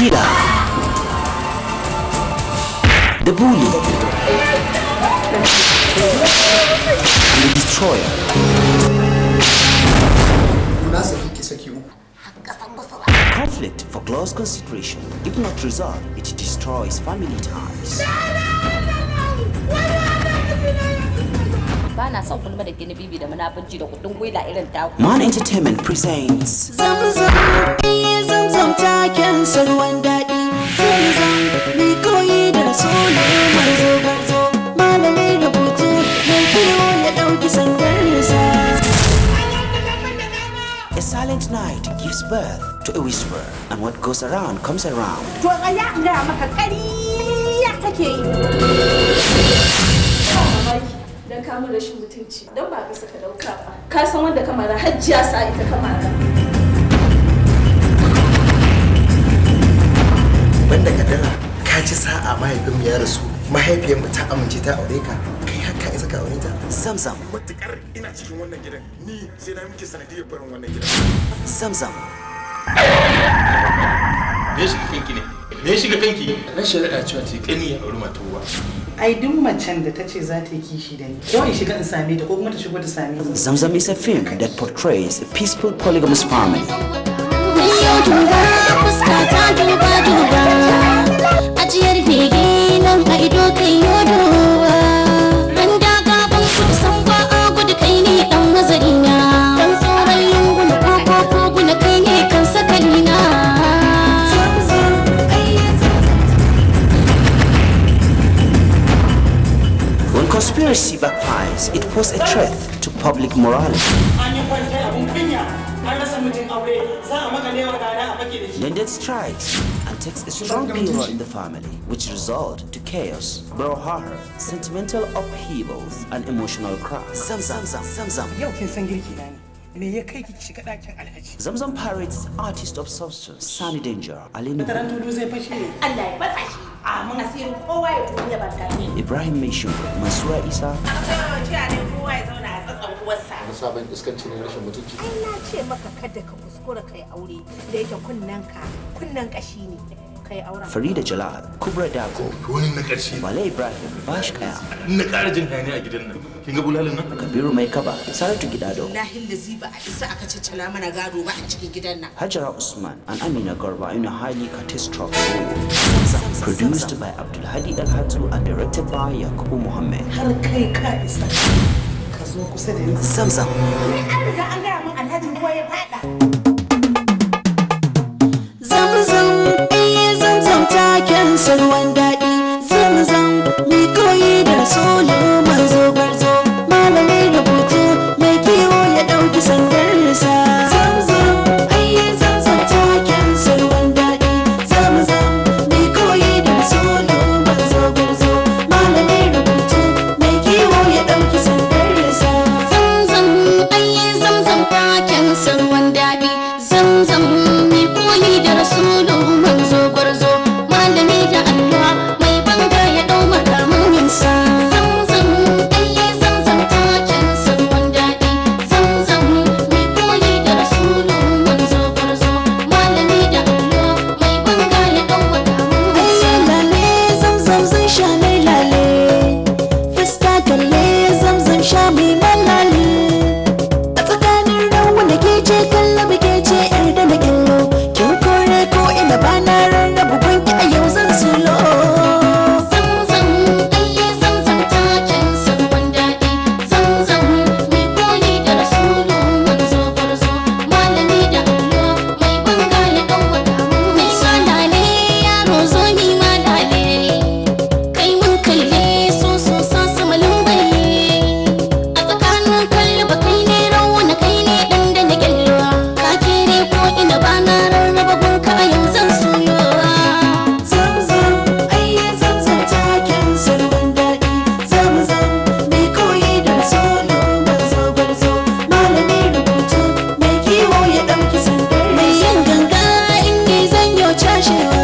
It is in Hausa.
Shida. The Bully. The Destroyer. Conflict for close consideration. If not resolved, it destroys family ties. bana son kulma da gini bibi da munafunci da kudin gwila irin Man Entertainment presents. taken sarwan daɗi sai zan mai koyi da rasulu marzo garzo malamin rubutu mai kiwo ya ɗauki sandarsa A silent night gives birth to a whisper, and what goes around comes around. To tsaya ga maka ƙariya take yi. don kamun rashin mutunci, don ba ka saka dauka ba. Ka san wanda kamara hajjiya sa ita kamara. sa'a mahaifinmu ya rasu mahaifiyarmu ta amince ta aure ka kai haka isa ka aure ta sam sam matukar ina cikin wannan gidan ni sai na miki sanadiyar barin wannan gidan sam me shiga kanki ne me shiga kanki na shari'a cewa ce kani ya aure mata uwa ai duk macen da ta ce za ta yi kishi da ni ko in shiga in same ta ko kuma ta shigo ta same ni Zamzam is a film that portrays a peaceful polygamous family conspiracy backfires. It poses a threat to public morality. Then death strikes and takes a strong period in the family, which result to chaos, brouhaha, sentimental upheavals, and emotional crash. Zamzam, zamzam, zamzam. me ya kai ki shiga ɗakin alhaji zamzam pirates artist of substance Sunny danger alinu mataran tudu zai fashe allah ya fasa shi a mun asirin kowa ya tuni ya banta ne ibrahim mai shin masura isa a kawai jiya ne kowa ya zauna a tsatsan uwarsa wani sabon iskanci ne rashin mutunci ai na ce maka kada ka kuskura kai aure da yake kunnen ka kunnen kashi ne suka auren farida jalal kubra dago wani na ibrahim bash kaya na ƙara jin a gidan nan kin ga bulalin nan kabiru mai kaba saratu gidado lahin da ziba a isa aka ciccila mana gado ba a cikin gidan nan hajara usman an amina garba in a highly catastrophic role produced by abdulhadi Hatu and directed by yakubu muhammad har kai ka isa ka zo kusa da ni an riga an alhaji ruwa ya can't say when cashewa